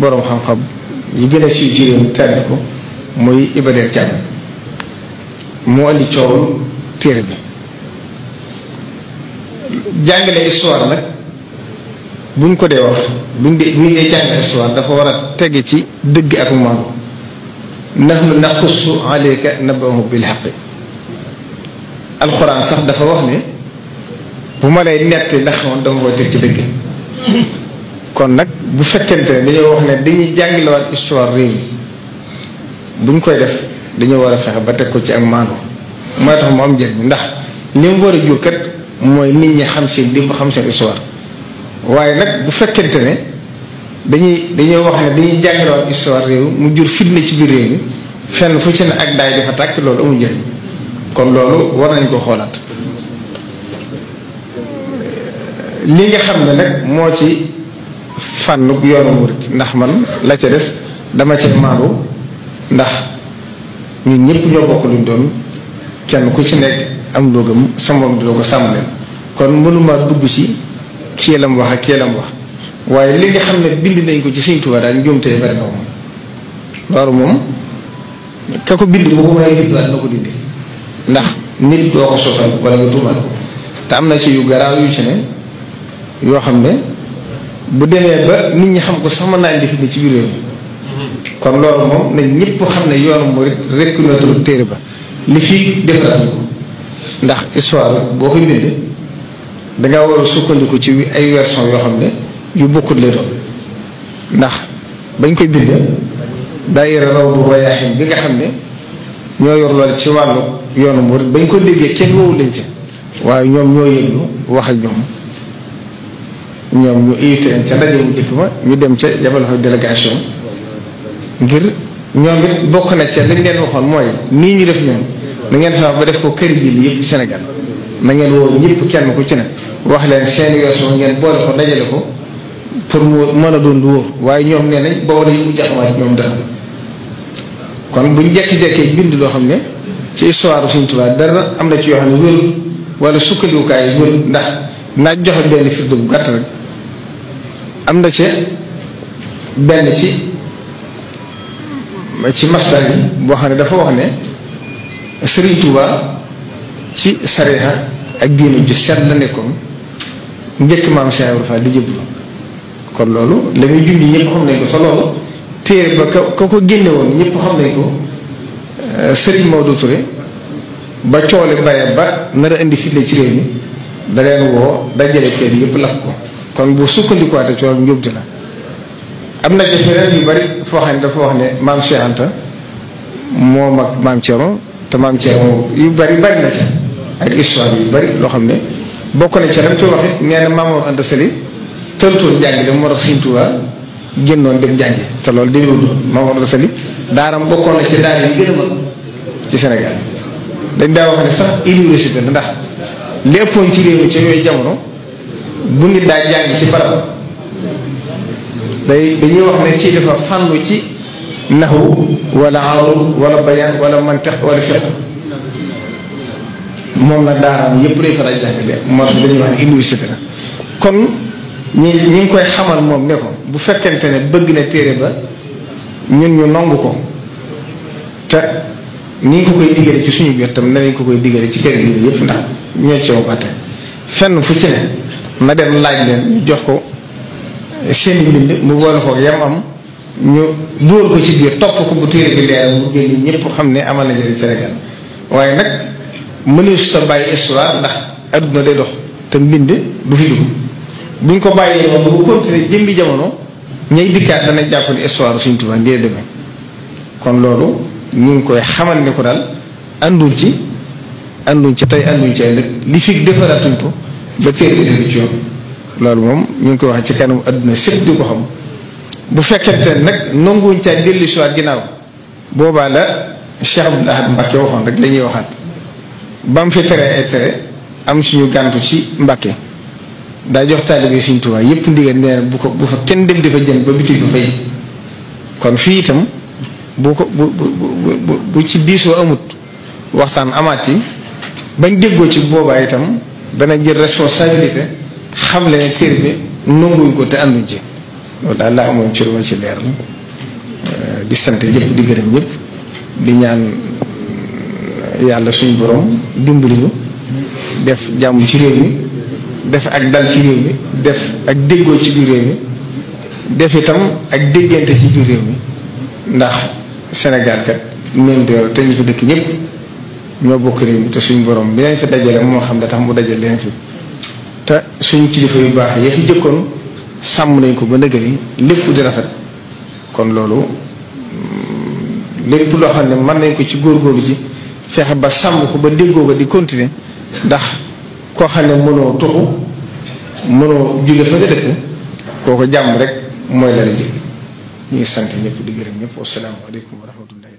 boroom xam-xam yi gën a siiw ci réew taalif ko muy Iba Der moo andi coowul téere bi jàngale histoire nag buñ ko dee wax buñ dee buñ dee jàngale histoire dafa war a tege ci dëgg ak maanu nahnu naqussu alayka nabahum bil haqq alxuraan sax dafa wax ne bu ma lay nett ndax dama koy teg ci dëgg kon nag bu fekkente ne dañoo wax ne dañuy jàngilewaat histoire réew mi buñ koy def dañoo war a fexe ba teg ko ci ak maandu mooy tax mu am njëriñ ndax li mu war a jur mooy nit ñi xam seen démb xam seen histoire waaye nag bu fekkente ne dañuy dañoo wax ne dañuy jàngilewaat histoire réew mu jur fitna ci biir réew mi fenn fu ci ne ak daay dafa tàkk loolu amul njëriñ kon loolu war nañ ko xoolaat li nga xam ne nag moo ci. fànnub yoonu murit ndax man la ca des dama ci maandu ndax ñun ñëpp ñoo bokk luñ kenn ku ci nekk am loo gëm sa moom di ko sàmm leen kon mënuma dugg ci kii la mu wax ak mu wax waaye li xam ne bind nañ ko ci Sëriñ Tuubaa daal njuumtee moom loolu bind bu ko waaye dindiwaat ko dindi ndax nit doo ko sosal wala nga tuumal te am na ci yu garaaw yu ci ne yoo xam ne bu demee ba nit ñi xam ko sax mën naa fi ni ci biir réew mi kon loolu moom nañ ñëpp xam ne yoonu mooy reconnaître téere ba li fii defaraat ko ndax histoire boo ko bind danga war a sukkandiku ci ay version yoo xam ne yu bokkut lay doon ndax bañ koy bind daayira raw bu rayaaxin bi nga xam ne ñoo yor loolu ci wàllu yoonu murid bañ ko déggee kenn woowu lañ ci waaye ñoom ñoo yëglu wax ak ñoom ñoom ñu invité ca rajo bu njëkk ba ñu dem ca yabal fa délégation ngir ñoom it bokk na ca liñ leen waxoon mooy nii ñu def ñoom na ngeen fexe ba def ko kër gi lii yëpp senegal na ngeen woo ñëpp kenn ku ci ne wax leen seen weesu ngeen boole ko dajale ko pour mu mën a doon lu wóor waaye ñoom nee nañ boobu dañu mujj amaat ñoom dara kon buñ jekki-jekkee bind loo xam ne ci histoire Sëriñ Tuubaa dara am na ci yoo xam ne wérul wala sukkandikukaay wérul ndax naaj joxe benn firnde bu gàtt am na ca benn ci ci masdar boo xam ne dafa wax ne Sëriñ Tuuba ci sareexa ak diinu ju set la nekkoon njëkk maam Cheikh Ibrahima di jëblu kon loolu la muy junni ñëpp xam nañ ko sa loolu téere ba ka ka ko génne woon ñëpp xam nañ ko euh, Sëriñ Maodo Touré ba coole bare ba nar a indi fitne ci réew mi da leen woo dajale téere yëpp lakk ko kon bu sukkandikuwaatee ci loolu njuumte la am na ci yu bari foo xam ne dafa wax ne maam Cheikh Anta moom ak maam Thierno te maam Thierno yu bari bari na ci ak histoire yu bari loo xam ne bokk na ci lam ci wax it nee na Mamour Anta Sali tëntoon njàng de moo tax Sëriñ Tuubaa génnoon dem jàngi te loolu dañoo Mamour Anta Sali daaram bokkoon na ci daara yi gën a mag ci Sénégal dañ daa wax ne sax université da ndax lépp ci réew mi ci yooyu jamono. bu nit daa jàng ci barab day dañuy wax ne ci dafa fànnu ci naxu wala arul wala bayaan wala mantiq wala fiq moom la daaraam yëpp day faral jàngale moo tax dañuy wax ne université la kon ñi ñi ngi koy xamal moom ne ko bu fekkente ne bëgg na téere ba ñun ñu nangu ko te ni ñu ko koy digale ci suñu biir tam ne nañ ko koy digale ci kër gi yëpp ndax ñoo ci aw atte fenn fu ci ne na dem laaj leen ñu jox ko seeni mbind mu boole ko yam am ñu dóor ko ci biir topp ko bu téere bi leer mu génn ñëpp xam ne amal na njëriñ Sénégal waaye nag mënee su ta bàyyi histoire ndax adduna day dox te mbind du fi dugg buñ ko bàyyee moom bu continuer jëmbi jamono ñay dikkaat dana jàpp ne histoire suñu tubaab ndee demee kon loolu ñu ngi koy xamal ne ko daal ànduñ ci ànduñ ci tey ànduñ ci ay li fi defaraatuñ ko ba téere bi def ci yoon loolu moom ñu ngi koy wax ci kanam adduna sépp di ko xam bu fekkente nag nanguwuñ caa dellu boobaa la Cheikh Abdoul Ahad rek la waxaat ba fi teree am suñu gàntu ci Mbacke daa jox taalibe Sëriñ Tuubaa yëpp ndigal bu ko bu fa kenn dem di fa ba bitig ba fay kon fii itam bu ko bu bu bu ci diisoo amut waxtaan amaat yi bañ déggoo ci boobaa itam. dana jël responsabilité xam le ne téere bi nanguñ ko te ànduñ ci loolu daal laa amoon ci lu ma ci leer la euh, di sant ñëpp di gërëm ñëpp di ñaan yàlla suñu boroom dimbali ñu def jàmm ci réew mi def ak dal ci réew mi def ak déggoo ci biir réew mi def itam ak déggante ci biir réew mi ndax Sénégal kat même te ñu fi dëkk ñëpp. ñoo bokk réew te suñ boroom bi leen fi dajale moo xam ne tax mu dajale leen fi te suñ kilifa yu baax yi fi jëkkoon sàmm nañ ko ba nëgër yi lépp di rafet kon loolu lépp loo xam ne mën nañ ko ci góor góorgóorlu ji fexe ba sàmm ko ba déggoo ko di continuer ndax koo xam ne mënoo tuxu mënoo jóge fa nga dëkk kooko jàmm rek mooy la la jëkk ñu ngi sant ñëpp di gërëm ñëpp wassalaamu aleykum wa rahmatullah